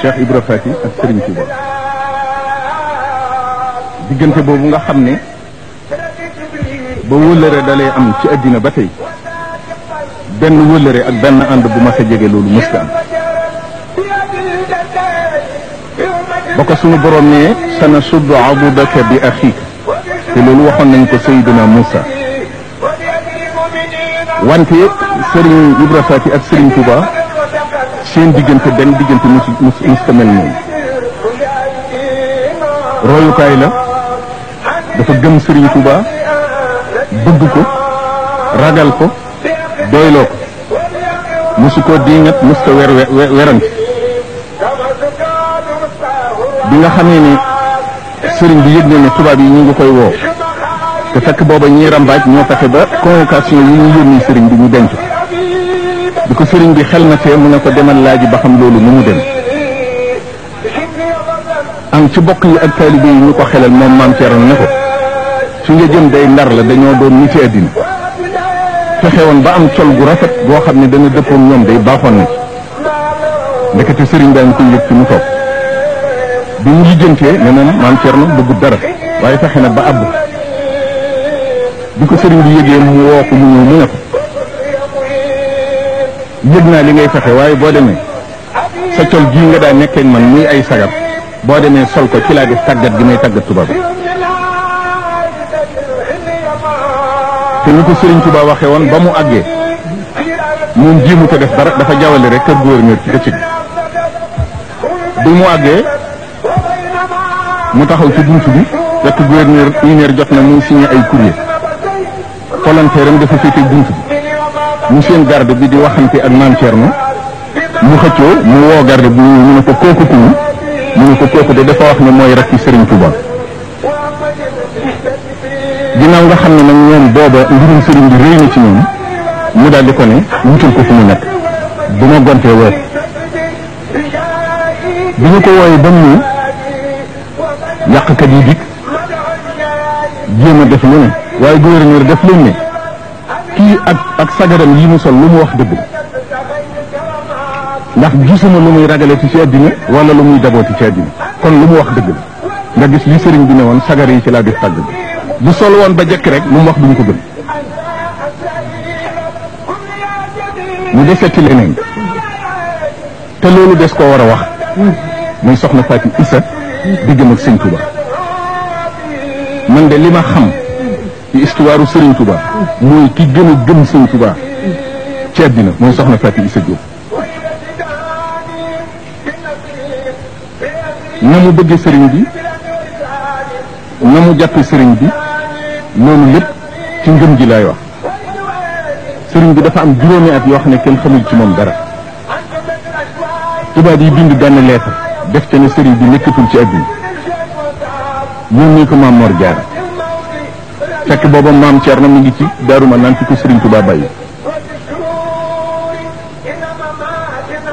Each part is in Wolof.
Cheikh Ibra Fati ak Serigne Touba diggante boobu nga xam ne ba wëllëre dalee am ci àddina ba tey benn wëllëre ak benn ànd bu mas a jege loolu mësta am ba ko suñu borom ne sana suddu abudaka bi axiik te loolu waxoon nañ ko Seydina Moussa wante Serigne Ibra Fati ak Serigne Touba seen diggante benn diggante mu si mu si mel noonu royukaay la dafa gëm sëriñ Touba bëgg ko ragal ko doyloo ko mosu ko diingat mos ko wer werante bi nga xamee ni Serigne bi yëg na tubaab yi ñu ngi koy woo te fekk booba ñiy rambaaj ñoo fexe ba convocation yi ñu yónni sëriñ bi ñu denc bi ko sëriñ bi xel na see mu ne ko demal laaji ba xam loolu nu mu dem am ci bokk yi ak taalibe yi ñu ko xelal moom maam Thierno ne ko su nga jëm day ndar la dañoo doon ñi fi àddina fexe woon ba am col gu rafet boo xam ne dana dëppoon ñoom day baaxoon na ndeke ndekete sëriñ daan koy yëg ci mu toog bi mu lijjantee ne moom maam na bëggut dara waaye fexe na ba àbb bi ko sëriñ bi yëgee mu woo ko mu ñëw mu ne ko yëg naa li ngay fexe waaye boo demee sa col ji nga daan nekkee man muy ay sagar boo demee sol ko ci laa def tàggat gi may tàggat tubaab te ni ko Serigne Touba waxee woon ba mu àggee moom jiimu ko def dara dafa jawale rek kër gouverneur ci ëccëg bi mu àggee mu taxaw ci buntu bi rekk gouverneur une heure jot na muy signé ay courrier volontaire am dafa féete buntu bi ñu seen garde bi di waxante ak maam Thierno mu xëccoo mu woo garde bi ñu ne ko kooku kuñu mu ne ko kooku de dafa wax ne mooy rakki Serigne Touba. ginnaaw nga xam ne nag ñoom booba mbirum Serigne bi réy na ci ñoom mu daal di ko ne wutal ko fu mu nekk bu ma gontee woo bi ñu ko wooyee ba mu yàqkat yi dikk jéem def lu ne waaye gouverneur def leen ki ak ak sagaram yi mu sol lu mu wax deug ndax gisuma lu muy ragale ci ci wala lu muy dabooti ci àddina kon lu mu wax deug nga gis li serigne bi newon sagar yi ci la def tag bu sol won ba jek rek mu wax duñ ko gëm mu leneen te wax muy soxna fatima isa ak serigne Touba man de lima xam ci histoire Serigne Touba moy ki gëna gëm Serigne Touba ci adina moy soxna Fatou Issa Diop na bëgg serigne bi na japp serigne bi nonu lepp ci ngëm ji lay wax serigne bi dafa am juroomi at yo xamne kenn xamul ci mom dara touba di bind ben lettre def ci ne serigne bi nekkatul ci adina ñu ni ko mamor jaar fekk booba maam na mu ngi ci Daaru Manaan fi ko Serigne Touba bàyyi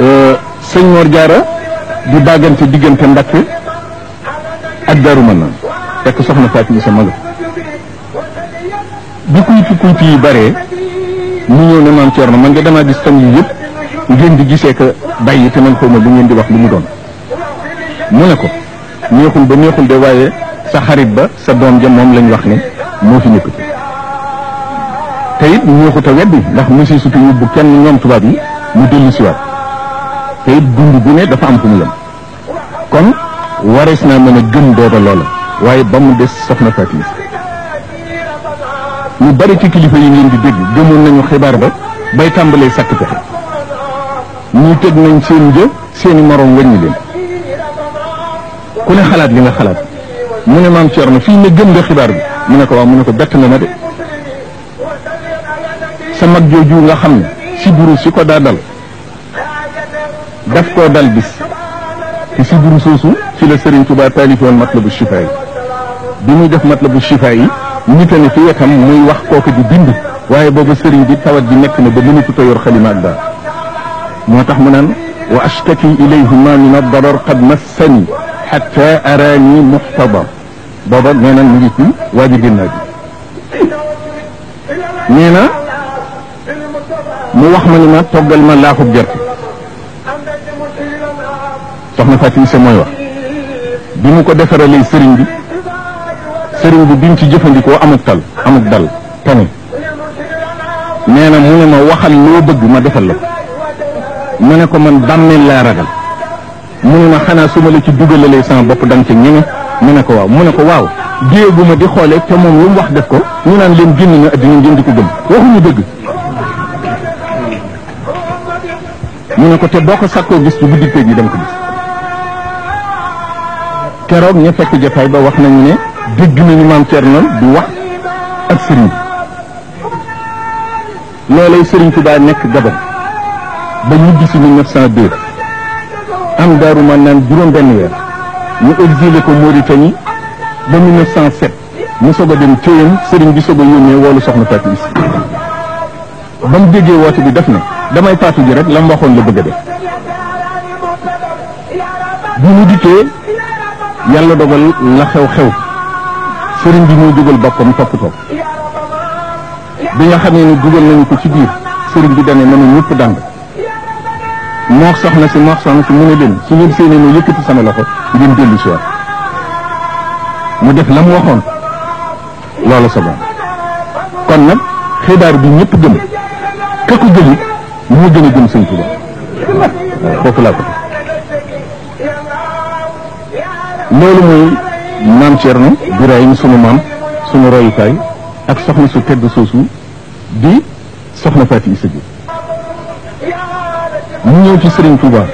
euh, sëñ Mor Diarra di bàggante diggante Mbakke ak Daaru Manaan fekk soxna Fatou Issa Maga bi kuyti kuyti yi bare mu ñëw ne maam Thierno man nga damaa gis fan yi yëpp ngeen di gisee que bàyyi te man xaw bu ngeen di wax lu mu doon mu ne ko neexul ba neexul de waaye sa xarit ba sa doom ja moom lañ wax ne moo fi nekkati te it neexut a weddi ndax monsieur Souta yóbbu kenn ñoom tubaab yi mu dellu siwaat te it dund bu ne dafa am fu mu yem kon warees naa mën a gëm dooda loola waaye ba mu des soxna Fatou ñu bari ci kilifa yi ngeen di dégg jëmoon nañu xibaar ba bay tàmbalee sàkk pexe ñu teg nañ seen jë seeni moroom wàññi leen ku ne xalaat li nga xalaat mu ne maam Thierno fii ne gëm nga xibaar bi. mu ne ko waaw mu ne ko bett na ma de sa mag jooju nga xam ne si buru si ko daa dal daf koo dal bis te si buru soosu fi la Serigne Touba taalif woon matlabu chifa yi bi muy def matlabu chifa yi nit a ne fi wetam muy wax kooku di bind waaye booba sëriñ bi tawat ji nekk na ba mënatut a yor xalima ak daal moo tax mu naan wa ashtaki ilayhima min addarar qad massani xatta arani muxtadar booba nee na mu ngi ci waaju ginnaaw bi nee na mu wax ma ni ma toggal ma ko gerte soxna Fatim Se mooy wax bi mu ko defaralee sëriñ bi sëriñ bi bi mu ci jëfandikoo amuk tal amuk dal tane nee na mu ne ma waxal loo bëgg ma defal la ko ma ne ko man bàmmeel laa ragal mu ne ma xanaa su ma la ci dugalalee sama bopp danga ci ñeme mu ne ko waaw mu ne ko waaw diwe bu ma di xoolee te moom lu wax def ko ñu naan leen génn na addina ngeen di ko gëm waxuñu dëgg mu ne ko te boo ko sàkkoo gis ci guddi péeg yi dem ko gis keroog ñu fekk jotaay ba wax nañu ne dégg nañu maam Thierno bu wax ak sëriñ bi loolay sëriñ Tuubaa nekk Gabon ba ñibbi si 1902 am daaru man naan juróom benn weer ñu exilé ko moo Mauritanie ba 1907 mu soog a dem Thiéyène sëriñ bi soog a woo lu soxna Fatou Issa ba mu déggee woote bi def ne damay faatu ji rek la mu la bëgg a def bi mu dikkee yàlla dogal la xew-xew sëriñ bi moo jógal boppam topp ko xam nga ni ne dugal nañu ko ci biir sëriñ bi dane mënu ñëpp dànd moo soxna si moo soxna si mu ne leen su ngeen séenee ma yëkkati sama loxo ngeen dellu si waat mu def la mu waxoon loolu sa bopp kon nag xibaar bi ñëpp gëm ka ko jëli moo gën a gëm sëñ Tuba foofu laa ko loolu mooy maam Thierno Birahim sunu maam sunu royukaay ak soxna su tedd soosu di soxna Faati Isa mu ñëw ci Serigne Touba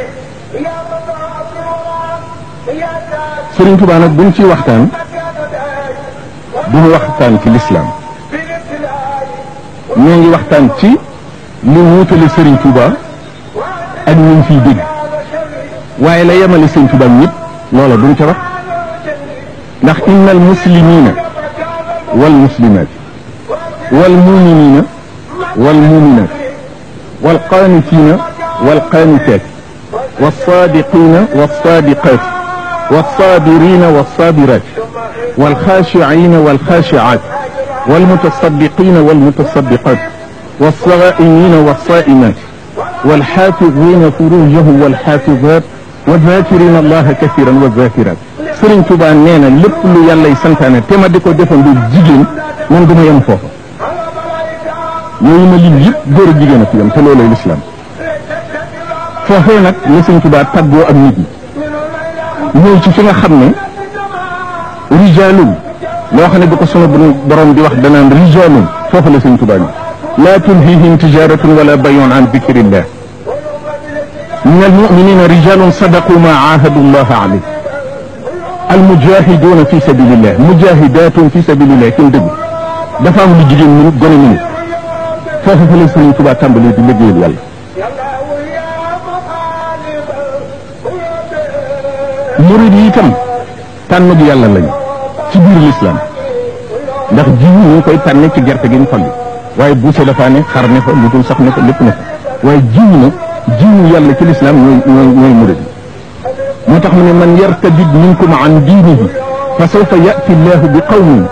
Serigne Touba nag buñ ciy waxtaan duñ waxtaan ci lislaam ñoo ngi waxtaan ci li wuutale Serigne Touba ak ñu fiy dégg waaye la yemale Serigne Touba ñëpp loola duñ ca wax ndax innal muslimina wal muslimat wal muminina wal muminat wal qanitina والقانتات والصادقين والصادقات والصابرين والصابرات والخاشعين والخاشعات والمتصدقين والمتصدقات والصائمين والصائمات والحافظين فروجهم والحافظات والذاكرين الله كثيرا والذاكرات سرين Touba nee na lépp lu تما ديكو ديفن دي جيجين من ko defal يوم اللي man du ma yem foofa yooyu foofee nag la sëñ Tuubaa tàggoo ak nit ñi ñëw ci fi nga xam ne rijaalum loo xam ne bu ko sunu borom di wax danaan rijaalum foofu la sëñ Tuubaa ñi laa tulhihim tijaratun wala bayun an dikrillah من المؤمنين رجال صدقوا ما عاهدوا الله عليه المجاهدون في سبيل الله مجاهدات في سبيل الله كن دب دفع لجين من غني من فوف فلسطين تبا تامبلي دي لجيل يالا murid yi itam tànn bu yàlla lañ ci biir lislaam ndax jiw ñu ngi koy tànne ci gerte gi ñu xolli waaye buuse dafaa ne xar ne fa lu dul sax ne fa lépp ne fa waaye jiw nag jiw yàlla ci lislaam ñooy ñooy ñooy murid yi moo tax mu ne man yartadid minkum an diinihi fa sawfa yati llahu bi qawmin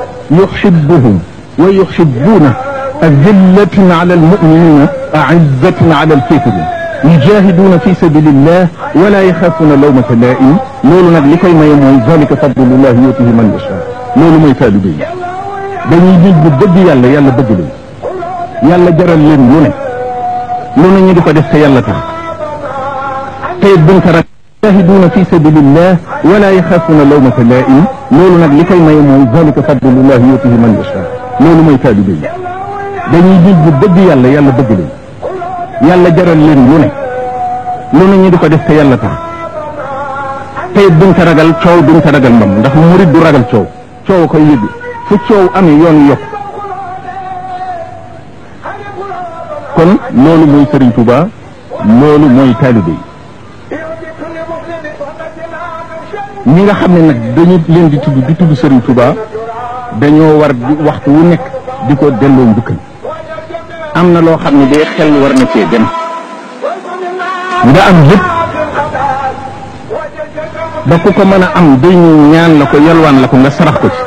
yuxibuhum wa yuxibuuna azillatin ala almuminina aizzatin ala alkafirin يجاهدون في سبيل الله ولا يخافون لومة اللائم نول نغلقي ما يموي ذلك فضل الله يؤته من يشاء نول ما يتالبين بني يجيب بدد يالا يالا بدل يالا جرى اللين يونة نول نغلق قد يالا تا تيب بنت يجاهدون في سبيل الله ولا يخافون لومة اللائم نول نغلقي ما يموي ذلك فضل الله يؤته من يشاء نول ما يتالبين بني يجيب بدد يالا يالا بدل yàlla jaral leen lu ne lu ne ñu di ko def te yàlla tax tey duñ ko ragal coow duñ ko ragal mbam ndax murid du ragal coow coow koy yëgg fu coow amee yoon yokk kon loolu mooy Serigne Touba loolu mooy taalibe yi ñi nga xam ne nag dañu leen di tudd di tudd Serigne Touba dañoo war di waxtu wu nekk di ko delloo njukkal am na loo xam ne day xel war na cee dem nga am lépp ba ku ko mën a am day ñu ñaan la ko yalwaan la ko nga sarax ko ci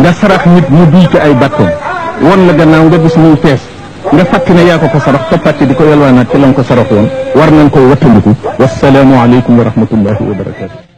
nga sarax nit mu duy ci ay bàttoom won la gannaaw nga gis muy fees nga fàkk ne yaa ko ko sarax toppati di ko yalwaanaat ci la ko sarax woon war nañ koo wattandiku wasalaamu aleykum wa rahmatullahi wa barakatu